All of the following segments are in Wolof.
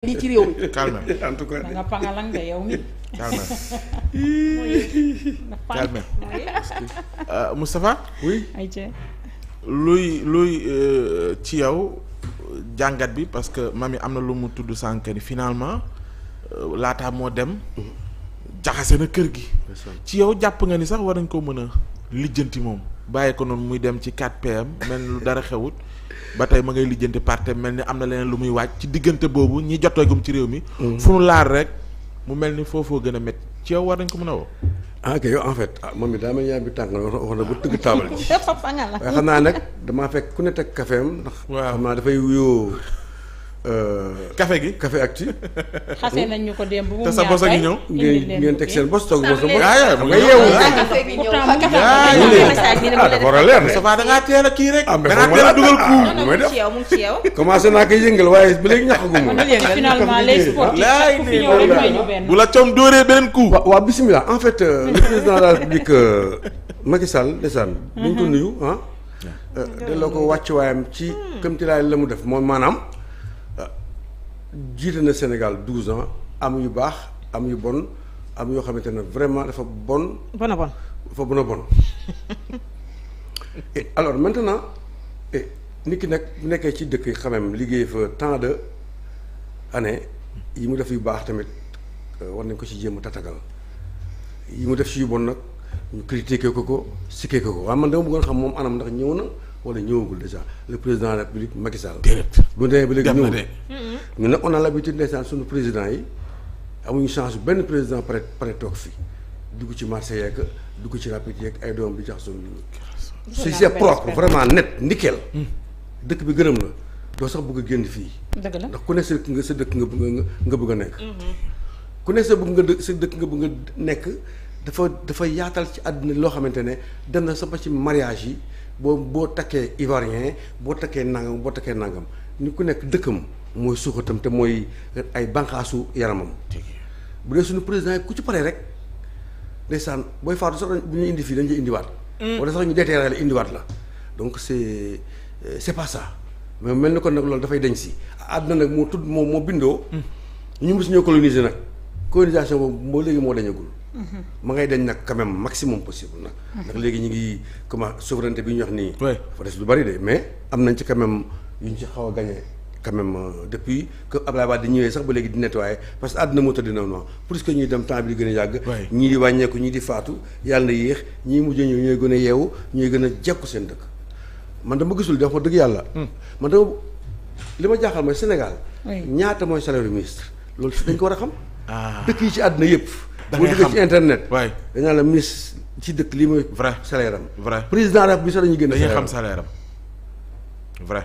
lii ci réew mi calme en tout luy luy euh, ci yow jàngat bi parce que mami am na lu mu tudd sànq ni finalement euh, laataa moo dem mm-hmm. jaxase na kër gi ci yow jàpp nga ni sax war nañ ko mën a lijjanti moom bàyyi ko noonu muy dem ci 4PM mel lu dara xewut ba tey ma ngay lijjanti parte mel ni am na leneen lu muy waaj ci diggante boobu ñi jotoogum ci réew mi. Mm. fu nu laar rek mu mel ni foofoo gën a métti ci yow war nañ ko mën a woo. ah en fait ah moom it daa mel ni yaa ngi tànk wax na ba tëgg taabal ji. waaye xam naa nag damaa fekk ku ne teg kafeem. ndax xam naa dafay wuyoo. Euh, café gi café ak xasee nañ ñu ko démb sa bos a ñëw. ngeen ngeen teg seen bos toog bos. ah nga a leer la ah, dugal ah, kuu ah, commencé naa koy yëngal waaye ba léegi bu la coom dóoree beneen kuu. waaw waaw en fait euh, le président de la République euh, Macky Sall mm-hmm. ko nuyu ah. Mm-hmm. delloo ko wàccuwaayam ci mm-hmm. këmtilaay la mu def moom maanaam jiite na Sénégal douze ans am yu baax am yu bon am yoo xamante ne vraiment dafa bon. bon a bon dafa bon a bon. et alors maintenant nit ki nag bu nekkee ci dëkk yi quand liggéey fa tant de années yi mu def yu baax tamit euh, war nañ ko ci jéem a tatagal yi mu def ci yu bon nag ñu critiqué ko ko sikkee ko ko waaye man dama bëggoon xam moom anam ndax ñëw na. wala ñëwagul déjà le président de la république Macky Sall. bu dee ba léegi ñëwul ñu ne on a l'habitude ndeysaan suñu président yi amuñu chance benn président pare pare toog fii dugg ci marché yeeg dugg ci rapide yeeg ay doom bi jax suñu si c'est propre vraiment net nickel. Hmm. dëkk bi gërëm la doo sax bëgg génn fii. dëgg la ndax ku ne sa nga sa dëkk nga bëgg nga bëgg a nekk. Hmm. ne sa bëgg nga sa nga bëgg nekk dafa dafa yaatal ci àddina loo xamante ne dem na sa ba ci mariage yi. boo boo takkee ivoirien boo takkee nangam boo takkee nangam ni ku nekk dëkkam mooy suuxatam te mooy ay banqaasu yaramam. bu dee suñu président ku ci paree rek ndeysaan booy faatu sax bu ñu indi fii dañ dañuy indiwaat. Mm. wala sax ñu déterré la indiwaat la donc c'est euh, c'est pas mais mel ni kon nag loolu dafay deñ si àdduna nag moo tudd moo moo bindoo. Mm. ñu mos ñoo coloniser nag colonisation boobu moo léegi moo dañagul. ma ngay dañ nag quand maximum possible nag. Mhm. ndax léegi ñu ngi comment souveraineté bi ñu wax nii. oui fa des lu bari de mais am nañ ci quand yu ñu ci xaw a gagné quand euh, depuis que Abdoulaye Wade di ñëwee sax ba léegi di nettoyé parce que àdduna moo tëdd na noonu plus que ñuy dem temps bi di gën a yàgg. ñii di wàññeeku ñii di faatu yàlla na yéex ñii mujj ñëw ñooy gën a yeewu ñooy gën a jekku seen dëkk. man dama gisul def ma dëgg yàlla. Hmm. man dama li ma jaaxal mooy Sénégal. ñaata mooy salaire ministre loolu dañ ko war a xam. Ah. dëkk yi ci da xam internet. waay dañu la ministre ci dëkk lii mooy. vrai salaire am. vrai président rek bi sax dañuy génn. salaire am dañuy vrai.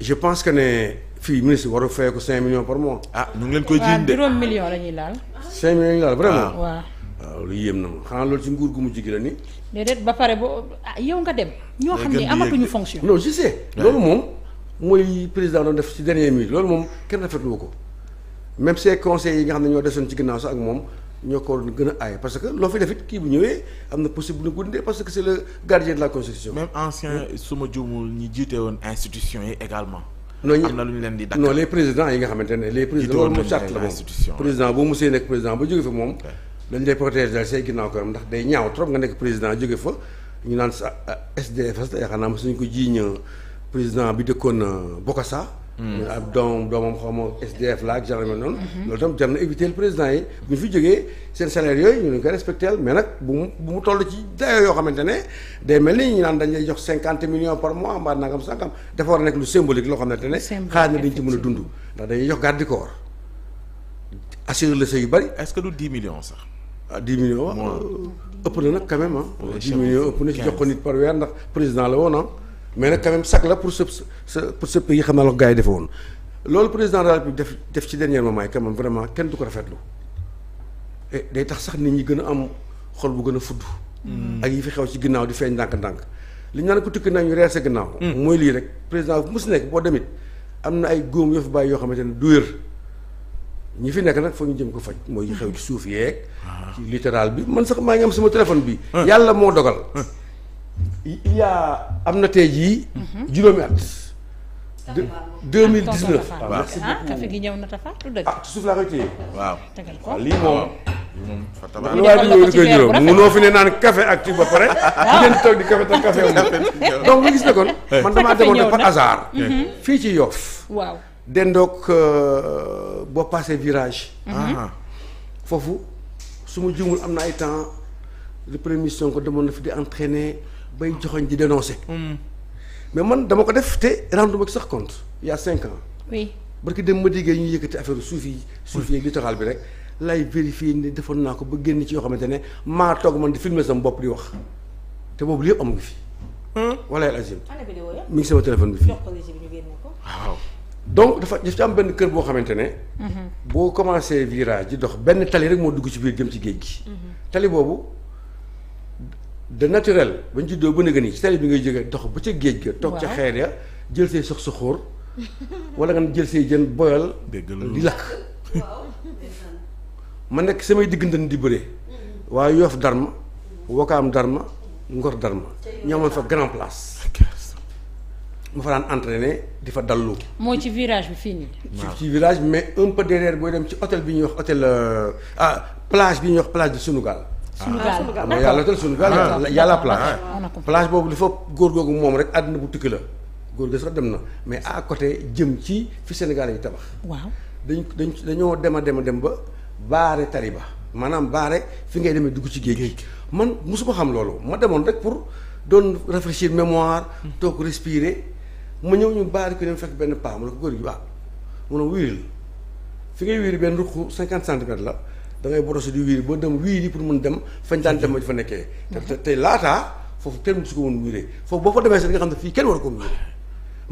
je pense que ne fii ministre waru fay ko 5 millions par mois. ah ñu leen koy jiiñ de waaw millions la ñuy laal. 5 millions la ñuy laal vraiment. Ah. waaw waaw lu yéem na ma xanaa loolu ci nguur gu mu gi la nii. déedéet ba pare boo ah, yow nga dem. ñoo xam ne amatuñu fonction. non je sais loolu moom. mooy président doon def ci dernier minute loolu moom kenn rafetlu ko même ses yi nga xam ne ñoo desoon ci ginnaaw sax ak moom. ñoo ko waroon gën a aay parce que loo fi def it kii bu ñëwee am na possible bu ñu gundee parce que c' est le gardien de la constitution. même ancien su ma juumul ñi jiite woon institution yi également. am na lu ñu leen di dàq non les présidents yi nga xamante ne les présidents loolu moom charte la moom président bu musee nekk président ba jóge fa moom dañ lay protéger say ginnaaw ko am ndax day ñaaw trop nga nekk président jóge fa ñu naan sa SDFS euh, yaakaar naa ma suñu ko jiiñ président bi dëkkoon euh, Bokassa Mm. ak doomam doomam xaw ma SDF la ak gendarme noonu. Mhm. loolu tam jar na éviter le président yi bu ñu fi jógee seen salaire yooyu ñu ngi koy respecté mais nag bu mu bu ci dayoo yoo xamante ne day mel ni ñu naan dañ lay jox cinquante millions par mois mbaa nangam sangam dafa war a nekk lu symbolique loo xamante ne. xaar na dañ ci mën a dund ndax dañuy jox garde corps assurer le seuil yu bari. est-ce que du dix millions sax. ah dix millions. ëpp na nag quand même ah. ci jox ko nit par weer président la woon ah. mais nag quand même sax la pour sa sa pour sa pays xam naa la ko gars yi defe woon loolu président de la République def def ci dernier moment yi quand même vraiment kenn du ko rafetlu et day tax sax nit ñi gën a am xol bu gën a fudd. ak yi fi xew ci ginnaaw di feeñ ndànk-ndànk. li ñu naan ko tukki nañu reer sa ginnaaw. Hmm. mooy lii rek président bu mu si nekk boo demit am na ay góom yoo fi bàyyi yoo xamante ne du wér ñi fi nekk nag foog ñu jëm ko faj mooy xew ci suuf yeeg. Hmm. ci littoral bi man sax maa ngi am sama téléphone bi. Hmm. yàlla moo dogal. il y a am na tey jii. Mhm. juróomi at. de 2019 ah, waaw merci beaucoup café gi ñëw na tafa du ah, ah suuf laa koy téye. waaw waaw lii ah. fi ne naan café ak ba pare. waaw ngeen di café te café amul. donc gis na par hasard. Mhm. fii ci Yoff. waaw euh, boo passé virage. Mhm. foofu su ma juumul am na ay temps le premier ko demoon na fi di entraîner. bay joxoñ di dénoncer. Mm. mais man dama ko def te rendu ma ci sax compte il a cinq ans. barki dem ma déggee ñu yëkkati affaire suuf yi. suuf yeeg bi rek. lay vérifier ni defoon naa ko ba génn ci yoo xamante ne maa toog man di filmer sama bopp di wax te boobu lépp amu fi. wala yàlla azim. mi ngi sama téléphone bi fii. waaw donc dafa daf ci am benn kër boo xamante ne. Mhm. boo commencé virage di dox benn tali rek moo dugg ci biir jëm ci géej gi. Mhm. tali de naturel ba ñu juddoo ba nga nii ci bi ngay jógee dox ba ca géej ga. toog ca xeer ya jël say sox sa xóor wala nga jël see jën boyal. di lakk. ma nekk samay diggantan di bëre. waaye yoof darma wokaam darma ngor darma ñoo fa grand place. mu fa daan entraîné di fa dallu. moo ci virage bi fii nii. ci virage mais un peu derrière booy dem ci hôtel bi ñuy wax hôtel euh, ah plage bi ñuy wax plage de Sunugal. sunu gaal ah, la yàlla tal sunu gaal ah. yàlla plage plage ah. boobu dafa góor googu moom rek àdduna bu tukki la góor ga sax dem na mais à côté jëm ci fi Sénégal yi tabax waaw dañ dañ dañoo dem a dem a dem ba baare tali ba maanaam baare fi ngay demee dugg ci géej gi man mosuma xam loolu ma demoon rek pour doon rafraîchir mémoire hmm. toog respirer ma ñëw ñu baari ko dem fekk benn paa mu ne ko góor gi waaw mu ne wiiril fi ngay wiiri benn ruq cinquante centimètres la da ngay brosse di wiiri ba dem wiiri pour mun dem fañ daan dem fa nekkee te tey laataa foofu kenn su ko woon wiiree foofu boo fa demee sax nga xam ne fii kenn war ko wiiree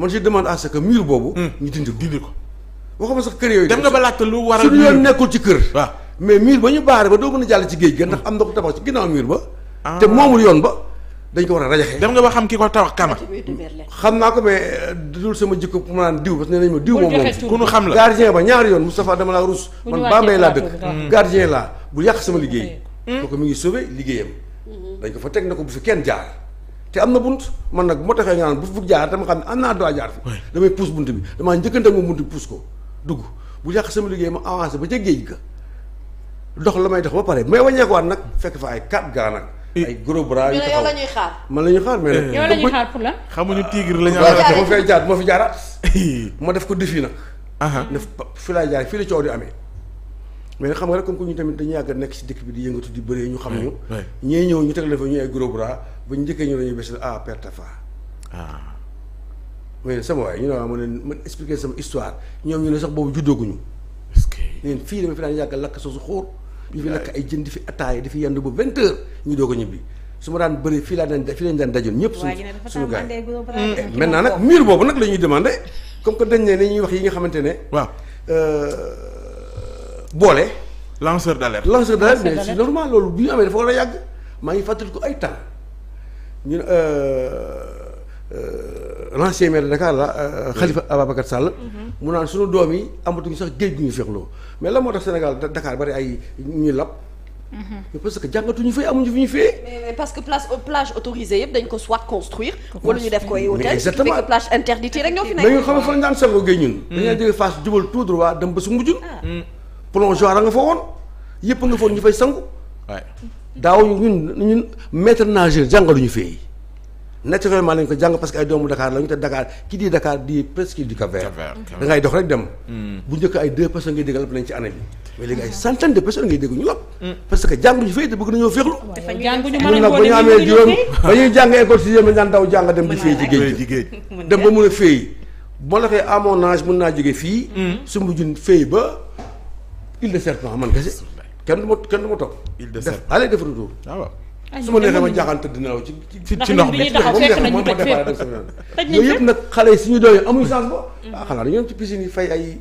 man je demande à ce que mur boobu hmm. ñu dindi ko dindi ko waxuma sax kër yooyu dem nga ba laajte lu waral suñu yoon nekkul ci kër mais mur ba ñu baare ba doo mën a jàll ci géej ga ndax am na ko tabax ci ginnaaw mur ba ah. te moomul yoon ba dañ ko war a rajaxe dem nga ba xam ki ko tawax kana xam naa ko mais euh, dul sama jikko pour ma naan diw parce que nee nañ ma diw moom moom ku xam la gardien ba ñaari yoon Moustapha dama laa rus man Bambey laa dëkk gardien laa bu yàq sama liggéey kooku mi ngi sauvé liggéeyam mhm. dañ ko fa teg na ko bu kenn jaar te am na bunt man nag bu taxee nga naan bu fi jaar dama xam ne naa doo jaar damay puus bunt bi damaa njëkkante moom bunt bi puus ko dugg bu yàq sama liggéey ma avancé ba ca géej dox la may dox ba pare mais waññeekuwaat nag fekk fa ay quatre gars ay gros bras yu taxaw yow la ñuy xaar. man la ñuy xaar mais nag. Eh. la ñuy xaar pour xamuñu tigre la fi jaaraat. ma def ko défi nag. ne fi laay jaar fii coow di amee. mais xam nga rek comme que ñu tamit dañu yàgg nekk si dëkk bi di yëngatu di bëree ñu xam ñu. Eh, ñee ñëw ñu teg la fa ñu ay gros bras ba njëkkee ñu dañuy bés ah perte fa. Ah. mais sama waay ñu ne waaw ma leen ma expliquer sama histoire ñoom ñu ne sax boobu juddooguñu. est-ce que. fii dama fi daan yàgg lakk soosu xóor ñu fi lakk ay jën di fi ataaya di fi yendu bu vingt heures ñu doog a ñibbi su ma daan bëri fii laa daan fii lañ daan dajoon ñëpp suñu suñu gars yi mm. eh, maintenant nag mur boobu nag la ñuy demandé comme que dañ ne ni ñuy wax yi nga xamante ne waaw euh, boole lanceur d'alerte lanceur d'alerte mais c'est normal loolu bu ñu amee dafa war a yàgg maa ngi fàttaliku ay temps ñun euh, euh, l'ancien maire de Dakar la euh, Khalifa Ababacar Sall. Mhm. mu naan sunu doom yi amatuñu sax géej gi ñu fexloo mais la moo tax Sénégal Dakar bari ay ñuy lab. Mhm. parce que jàngatuñu fay amuñu fi ñu fee. mais parce que place euh, plage autorisée yëpp dañ ko soit construire. wala ñu def ko ay hôtel exactement fekk plage interdite rek ñoo fi nekk. dañu xam ne fan daan sangoo géej ñun. Mm. dañu jógee face jubal tout droit dem ba su mujjul. Ah. Mm. plongeoir a nga fa woon yëpp nga foon ñu fay sangu. daaw ñun ñun maître nageur jàngaluñu fee. naturellement lañ ko jàng parce que ay doomu Dakar lañu te Dakar ki di Dakar di presque du Cap-Vert da ngay dox rek dem hmm. bu njëkk ay deux personnes ngay dégg lap ci année bi mais léegi ay centaine de personnes ngay dégg ñu hmm. parce que jànguñu fay te bëgg nañoo féexlu mun nag ba ñu amee juróom ba ñuy jàng école ci géej ba mun a féey boo la koy à mun naa jóge fii hmm. su jun féey ba Île de Serpent man kese kenn du ma kenn du ma toog allez def su ma neexee ma jaaxaan tëdd nelaw ci ci ci ndox bi moom ma départ yëpp nag xale yi suñu doyee amuñu chance ba ah xanaa yi fay ay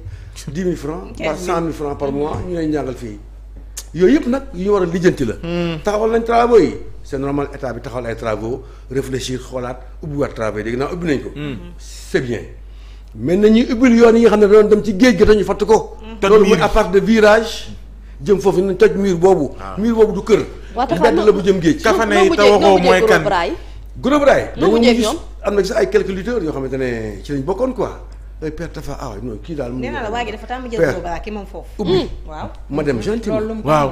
dix mille francs par cent yooyu yëpp nag yu ñu war la hmm. taxawal nañ travaux yi c'est normal état bi taxawal ay travaux réfléchir xoolaat ubbi waat travaux yi dégg naa ubbi nañ ko hmm. c'est bien mais nañuy ubbil yoon yi nga xam ne doon dem ci géej gi dañu fatt ko loolu mooy à part de virage jëm foofu nañ toj mur boobu ah. mur boobu du kër waaw te benn la bu jëm géej. ka fa ne te waxoo mooy kan groupe raay dañu gis am na gis ay quelques lutteurs yoo xamante ne ci lañ bokkoon quoi ay père Tafa ah non kii daal. ne naa la waa gi dafa tàmm jël groupe raay ki moom foofu. ubbi mm. waaw ma dem gentiment waaw.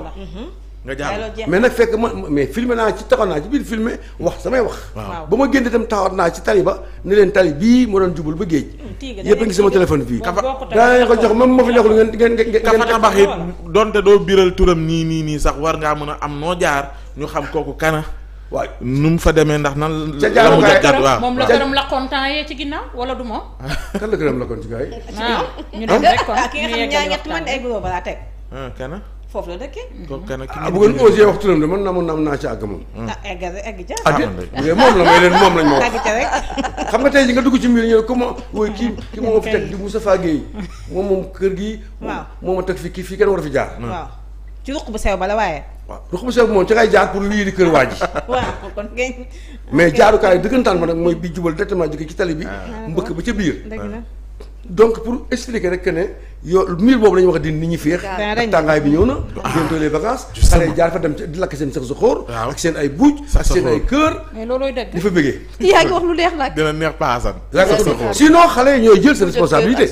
nga jàll mais nag fekk ma mais filmé naa ci taxaw naa ci biir filmé wax samay wax. ba ma génn itam taxaw naa ci tali ba ne leen tali bii ma doon jubal ba géej. Hmm, yépp a ngi sama téléphone fii. daa ko jox même ma fi nekkul ngeen ngeen ngeen. kafa tabax it donte doo biral turam nii nii nii sax war ngaa mën a am noo jaar ñu xam kooku kana. waaw nu mu fa demee ndax nan. ca jaamu gàllankoor waaw moom la këram lakkoon temps yee ci ginnaaw wala du moom. kan la këram lakkoon ci gars yi. Ah, ñu dem ah? rek kon ah, ñaa ngi man foofu la dëkkee. kon kan ak ki ah, bu ngeen osé wax turam de man na ma naa ci àgg moom. ah egg egg ja. ah, ah moom la may moom lañ wax. xam nga tey ji nga dugg ci mbir ñu ne comment. mooy kii kii moom fi teg di gi. waaw moo teg fi kii fii kenn war a fi jaar. waaw ci ruq bu sew ba la waaye. waaw ruq bu sew bi moom ca ngay jaar pour lii di kër waa ji. waaw kon mais jaarukaay dëggantaan ma nag mooy bi jubal directement jóge ci tali bi. Ah. mbëkk ba ca biir. donc pour expliquer rek que ne yoo mil boobu la wax di nit ñi féex ak tàngaay bi ñëw na bientôt les vacances xale yi jaar fa dem di lakk seen sax sa xóor ak seen ay buuj ak seen ay kër di fa xale yi ñooy jël seen responsabilité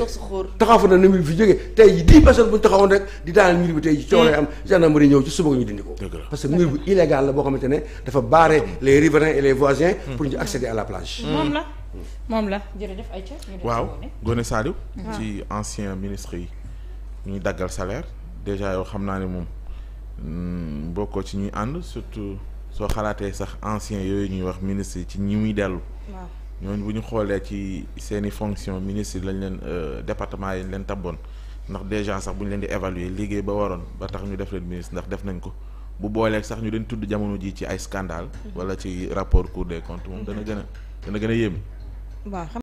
taxaw fa na ni mu fi jógee tey dix personnes bu ñu taxawoon rek di daaneel mur bi tey coow lay am hmm. gendarmerie ñëw ci suba ñu dindi ko parce que bu illégal la boo xamante ne dafa barrer les riverains et les voisins hmm. pour ñu accéder la plage moom moom la waaw Gone Saliou. ci ancien ministre yi. ñuy daggal salaire déjà yow xam naa ne moom mm, bokkoo ci ñuy ànd surtout soo xalaatee sax ancien yooyu ñuy wax ministre yi ci ñi muy dellu. waaw bu ñu xoolee ci seeni fonction ministre lañ leen euh, département yi leen taboon ndax déjà sax bu ñu leen di évaluer liggéey ba waroon ba tax ñu def leen ministre ndax def nañ ko. bu booleeg sax ñu leen tudd jamono ji ci ay scandale mm-hmm. wala ci rapport cour des comptes moom dana gën a dana gën a yéem waaw